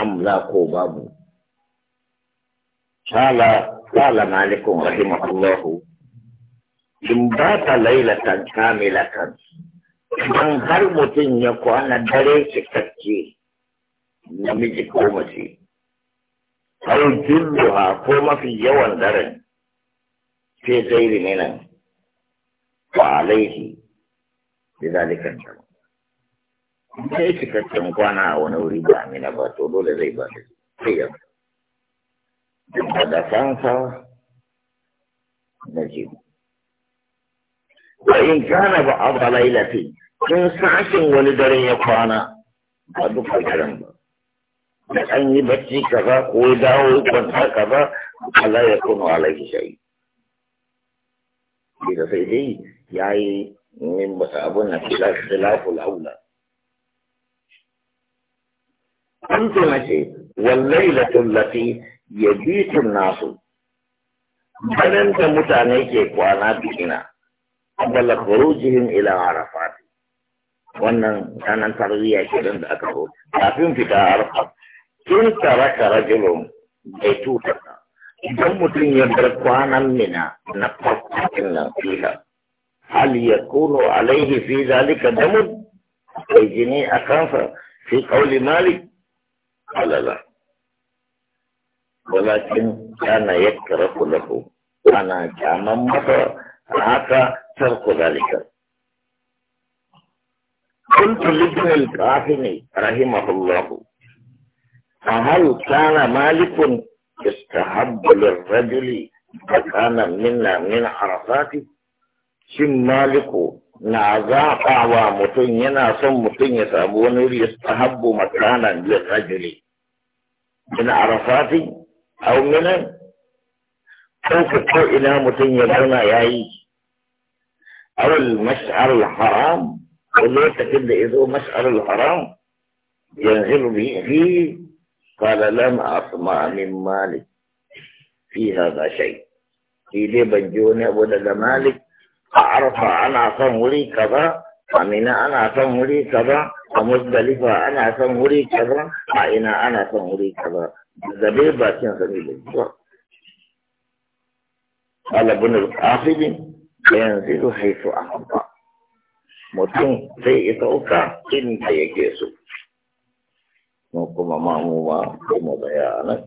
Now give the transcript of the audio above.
amla ko babu qala qala malikun Allahu. in ba ta lailatan kamilatan idan har mutum ya kwana dare cikakke namiji ko mace har julluha ko mafi yawan daren sai zairi ne nan wa alaihi bi zalika jama'a da cikakken kwana a wani wuri ba amina ba to dole zai ba da sai ya ba da fansa na jibu wa in kana ba abu lailati kun sashen wani daren ya kwana ba duka daren ba da an yi bacci kaza ko ya dawo kwanta kaza Allah ya kuma alaihi shayi da sai dai ya yi min abun na filafin la'ula an ce wallailatu allati yabitu nasu banan da mutane ke kwana bikina qabla khurujihim ila arafat wannan ranar ke kenan da aka zo kafin fita arfa tara taraka jirgin bai tuta idan mutum ya bar kwanan mina na farkon nan fiha hal yakunu alaihi fi zalika damun kai jini a kansa fi qauli malik قال لا ولكن كان يكره له كان كان مضى هذا ترك ذلك قلت لابن القاسم رحمه الله فهل كان مالك يستحب للرجل فكان منا من عرفاته shin maliku na zaɓawa mutum yana son mutum ya samu wani wuri ya tahabbu makanan lil rajuli min arafati aw minan ko ko ko ina mutum ya zauna yayi yi awal mash'ar haram ko lokacin da yazo zo al haram yanzu bihi qala lam asma min malik fi hada shay shi dai ban ji wani abu daga malik a arfa ana son wuri kaza a mina ana son wuri kaza a musdalifa ana son wuri kaza a ina ana son wuri kaza da dai bakin sani da zuwa ɗalibin al'afibin yanzu haifu a hamba mutum sai ya sauka inda yake so mu kuma ma mu ma kuma bayanan